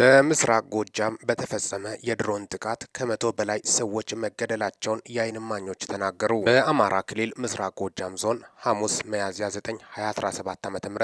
በምስራቅ ጎጃም በተፈጸመ የድሮን ጥቃት ከመቶ በላይ ሰዎች መገደላቸውን የዓይን እማኞች ተናገሩ። በአማራ ክልል ምስራቅ ጎጃም ዞን ሐሙስ ሚያዝያ 9 2017 ዓ.ም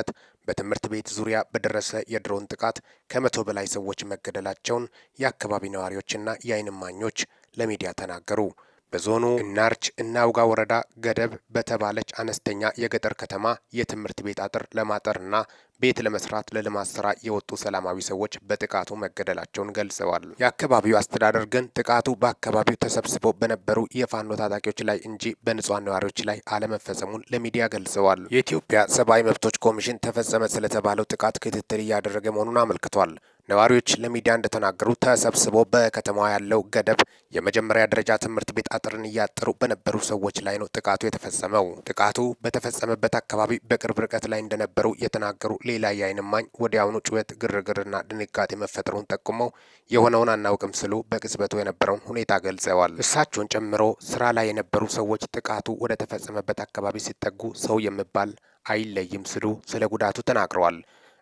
በትምህርት ቤት ዙሪያ በደረሰ የድሮን ጥቃት ከመቶ በላይ ሰዎች መገደላቸውን የአካባቢ ነዋሪዎችና የዓይን እማኞች ለሚዲያ ተናገሩ። በዞኑ እናርች እናውጋ ወረዳ ገደብ በተባለች አነስተኛ የገጠር ከተማ የትምህርት ቤት አጥር ለማጠርና ቤት ለመስራት ለልማት ስራ የወጡ ሰላማዊ ሰዎች በጥቃቱ መገደላቸውን ገልጸዋል። የአካባቢው አስተዳደር ግን ጥቃቱ በአካባቢው ተሰብስበው በነበሩ የፋኖ ታጣቂዎች ላይ እንጂ በንጹሐን ነዋሪዎች ላይ አለመፈጸሙን ለሚዲያ ገልጸዋል። የኢትዮጵያ ሰብአዊ መብቶች ኮሚሽን ተፈጸመ ስለተባለው ጥቃት ክትትል እያደረገ መሆኑን አመልክቷል። ነዋሪዎች ለሚዲያ እንደተናገሩ ተሰብስቦ በከተማዋ ያለው ገደብ የመጀመሪያ ደረጃ ትምህርት ቤት አጥርን እያጠሩ በነበሩ ሰዎች ላይ ነው ጥቃቱ የተፈጸመው። ጥቃቱ በተፈጸመበት አካባቢ በቅርብ ርቀት ላይ እንደነበሩ የተናገሩ ሌላ የዓይን እማኝ ወዲያውኑ ጩኸት፣ ግርግርና ድንጋጤ መፈጠሩን ጠቁመው የሆነውን አናውቅም ስሉ በቅጽበቱ የነበረውን ሁኔታ ገልጸዋል። እሳቸውን ጨምሮ ስራ ላይ የነበሩ ሰዎች ጥቃቱ ወደ ተፈጸመበት አካባቢ ሲጠጉ ሰው የሚባል አይለይም ስሉ ስለ ጉዳቱ ተናግረዋል።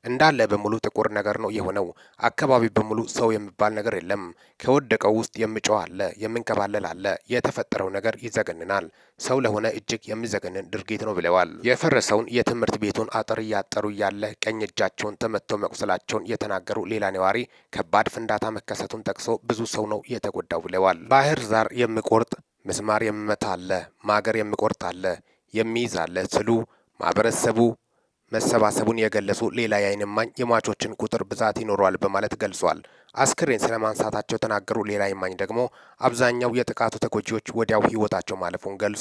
እንዳለ በሙሉ ጥቁር ነገር ነው የሆነው። አካባቢ በሙሉ ሰው የሚባል ነገር የለም። ከወደቀው ውስጥ የሚጮህ አለ፣ የምንከባለል አለ። የተፈጠረው ነገር ይዘገንናል። ሰው ለሆነ እጅግ የሚዘገንን ድርጊት ነው ብለዋል። የፈረሰውን የትምህርት ቤቱን አጥር እያጠሩ እያለ ቀኝ እጃቸውን ተመተው መቁሰላቸውን የተናገሩ ሌላ ነዋሪ ከባድ ፍንዳታ መከሰቱን ጠቅሶ ብዙ ሰው ነው የተጎዳው ብለዋል። ባህር ዛር የሚቆርጥ ምስማር የሚመታ አለ፣ ማገር የሚቆርጥ አለ፣ የሚይዝ አለ ስሉ ማህበረሰቡ መሰባሰቡን የገለጹ ሌላ የአይን እማኝ የሟቾችን ቁጥር ብዛት ይኖረዋል በማለት ገልጿል። አስክሬን ስለማንሳታቸው ተናገሩ። ሌላ ይማኝ ደግሞ አብዛኛው የጥቃቱ ተጎጂዎች ወዲያው ህይወታቸው ማለፉን ገልጾ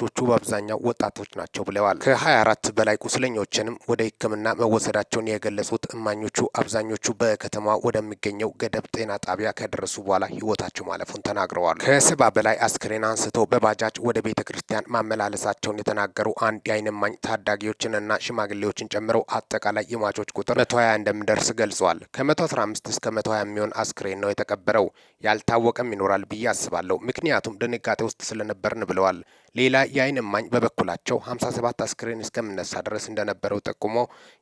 ሟቾቹ በአብዛኛው ወጣቶች ናቸው ብለዋል። ከ24 በላይ ቁስለኞችንም ወደ ሕክምና መወሰዳቸውን የገለጹት እማኞቹ አብዛኞቹ በከተማ ወደሚገኘው ገደብ ጤና ጣቢያ ከደረሱ በኋላ ህይወታቸው ማለፉን ተናግረዋል። ከሰባ በላይ አስክሬን አንስቶ በባጃጅ ወደ ቤተ ክርስቲያን ማመላለሳቸውን የተናገሩ አንድ የአይን እማኝ ታዳጊዎችንና ሽማግሌዎችን ጨምረው አጠቃላይ የሟቾች ቁጥር 120 እንደሚደርስ ገልጿል። ከ115 እስከ መቶ ሀያ የሚሆን አስክሬን ነው የተቀበረው። ያልታወቀም ይኖራል ብዬ አስባለሁ፣ ምክንያቱም ድንጋጤ ውስጥ ስለነበርን ብለዋል። ሌላ የአይን እማኝ በበኩላቸው 57 አስክሬን እስከምነሳ ድረስ እንደነበረው ጠቁሞ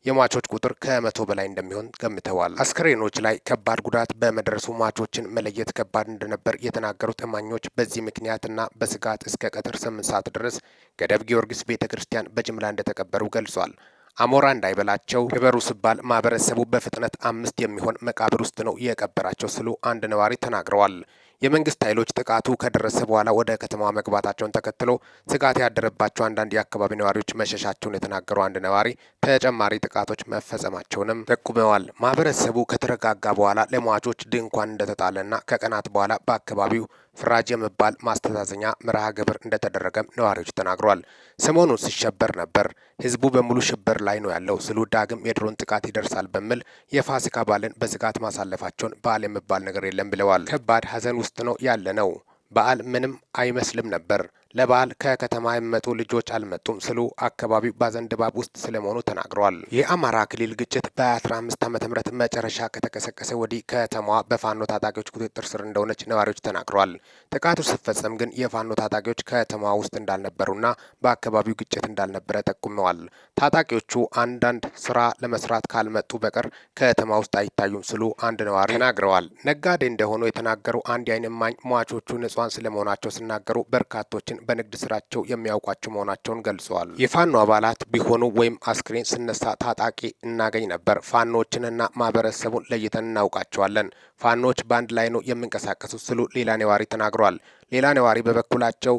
የሟቾች ቁጥር ከመቶ በላይ እንደሚሆን ገምተዋል። አስክሬኖች ላይ ከባድ ጉዳት በመድረሱ ሟቾችን መለየት ከባድ እንደነበር የተናገሩት እማኞች በዚህ ምክንያትና በስጋት እስከ ቀትር ስምንት ሰዓት ድረስ ገደብ ጊዮርጊስ ቤተ ክርስቲያን በጅምላ እንደተቀበሩ ገልጿል። አሞራ እንዳይበላቸው ቅበሩ ስባል ማህበረሰቡ በፍጥነት አምስት የሚሆን መቃብር ውስጥ ነው የቀበራቸው ስሉ አንድ ነዋሪ ተናግረዋል። የመንግስት ኃይሎች ጥቃቱ ከደረሰ በኋላ ወደ ከተማዋ መግባታቸውን ተከትሎ ስጋት ያደረባቸው አንዳንድ የአካባቢ ነዋሪዎች መሸሻቸውን የተናገሩ አንድ ነዋሪ ተጨማሪ ጥቃቶች መፈጸማቸውንም ጠቁመዋል። ማህበረሰቡ ከተረጋጋ በኋላ ለሟቾች ድንኳን እንደተጣለና ከቀናት በኋላ በአካባቢው ፍራጅ የመባል ማስተዛዘኛ መርሃ ግብር እንደተደረገም ነዋሪዎች ተናግሯል። ሰሞኑ ሲሸበር ነበር፣ ህዝቡ በሙሉ ሽብር ላይ ነው ያለው ስሉ ዳግም የድሮን ጥቃት ይደርሳል በሚል የፋሲካ በዓልን በስጋት ማሳለፋቸውን በዓል የመባል ነገር የለም ብለዋል። ከባድ ሀዘን ውስጥ ውስጥ ነው በአል በዓል ምንም አይመስልም ነበር። ለበዓል ከከተማ የመጡ ልጆች አልመጡም ስሉ አካባቢው ባዘን ድባብ ውስጥ ስለመሆኑ ተናግረዋል። የአማራ ክልል ግጭት በ 15 ዓ ም መጨረሻ ከተቀሰቀሰ ወዲህ ከተማዋ በፋኖ ታጣቂዎች ቁጥጥር ስር እንደሆነች ነዋሪዎች ተናግረዋል። ጥቃቱ ሲፈጸም ግን የፋኖ ታጣቂዎች ከተማዋ ውስጥ እንዳልነበሩና በአካባቢው ግጭት እንዳልነበረ ጠቁመዋል። ታጣቂዎቹ አንዳንድ ስራ ለመስራት ካልመጡ በቀር ከተማ ውስጥ አይታዩም ስሉ አንድ ነዋሪ ተናግረዋል። ነጋዴ እንደሆኑ የተናገሩ አንድ የአይን እማኝ ሟቾቹ ንጹሐን ስለመሆናቸው ሲናገሩ በርካቶችን በንግድ ስራቸው የሚያውቋቸው መሆናቸውን ገልጸዋል። የፋኖ አባላት ቢሆኑ ወይም አስክሬን ስነሳ ታጣቂ እናገኝ ነበር። ፋኖዎችንና ማህበረሰቡን ለይተን እናውቃቸዋለን። ፋኖዎች በአንድ ላይ ነው የምንቀሳቀሱት ስሉ ሌላ ነዋሪ ተናግረዋል። ሌላ ነዋሪ በበኩላቸው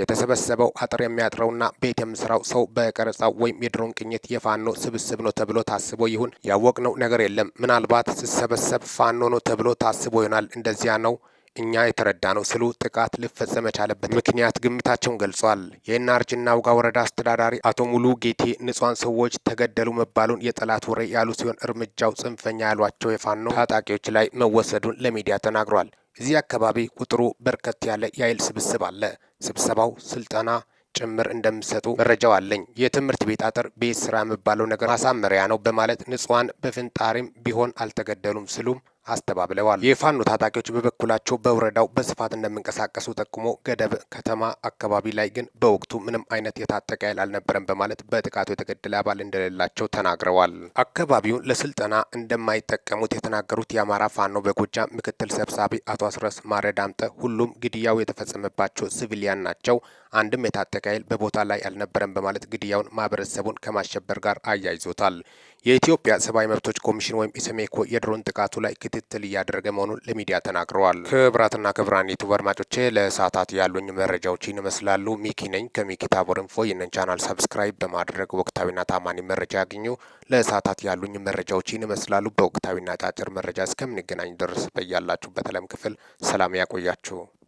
የተሰበሰበው አጥር የሚያጥረውና ቤት የምስራው ሰው በቀረጻው ወይም የድሮን ቅኝት የፋኖ ስብስብ ነው ተብሎ ታስቦ ይሁን ያወቅነው ነገር የለም። ምናልባት ስሰበሰብ ፋኖ ነው ተብሎ ታስቦ ይሆናል። እንደዚያ ነው እኛ የተረዳ ነው ስሉ ጥቃት ሊፈጸም የቻለበት ምክንያት ግምታቸውን ገልጿል። የእናርጅና ውጋ ወረዳ አስተዳዳሪ አቶ ሙሉ ጌቴ ንጹሃን ሰዎች ተገደሉ መባሉን የጠላት ወሬ ያሉ ሲሆን እርምጃው ጽንፈኛ ያሏቸው የፋኖ ታጣቂዎች ላይ መወሰዱን ለሚዲያ ተናግሯል። እዚህ አካባቢ ቁጥሩ በርከት ያለ የኃይል ስብስብ አለ። ስብሰባው ስልጠና ጭምር እንደሚሰጡ መረጃው አለኝ። የትምህርት ቤት አጥር ቤት ስራ የሚባለው ነገር ማሳመሪያ ነው በማለት ንጹሃን በፍንጣሪም ቢሆን አልተገደሉም ስሉም አስተባብለዋል። የፋኖ ታጣቂዎች በበኩላቸው በወረዳው በስፋት እንደሚንቀሳቀሱ ጠቁሞ ገደብ ከተማ አካባቢ ላይ ግን በወቅቱ ምንም አይነት የታጠቀ ኃይል አልነበረም በማለት በጥቃቱ የተገደለ አባል እንደሌላቸው ተናግረዋል። አካባቢውን ለስልጠና እንደማይጠቀሙት የተናገሩት የአማራ ፋኖ በጎጃም ምክትል ሰብሳቢ አቶ አስረስ ማረ ዳምጠ ሁሉም ግድያው የተፈጸመባቸው ሲቪሊያን ናቸው አንድም የታጠቀ ኃይል በቦታ ላይ አልነበረም በማለት ግድያውን ማህበረሰቡን ከማሸበር ጋር አያይዞታል። የኢትዮጵያ ሰብአዊ መብቶች ኮሚሽን ወይም ኢሰመኮ የድሮን ጥቃቱ ላይ ክትትል እያደረገ መሆኑን ለሚዲያ ተናግረዋል። ክብራትና ክብራን ዩቱብ አድማጮቼ ለሰዓታት ያሉኝ መረጃዎች ይመስላሉ። ሚኪ ነኝ ከሚኪ ታቦር ኢንፎ። ይህንን ቻናል ሰብስክራይብ በማድረግ ወቅታዊና ታማኒ መረጃ ያግኙ። ለሰዓታት ያሉኝ መረጃዎች ይመስላሉ። በወቅታዊና ጫጭር መረጃ እስከምንገናኝ ድረስ በያላችሁበት ዓለም ክፍል ሰላም ያቆያችሁ።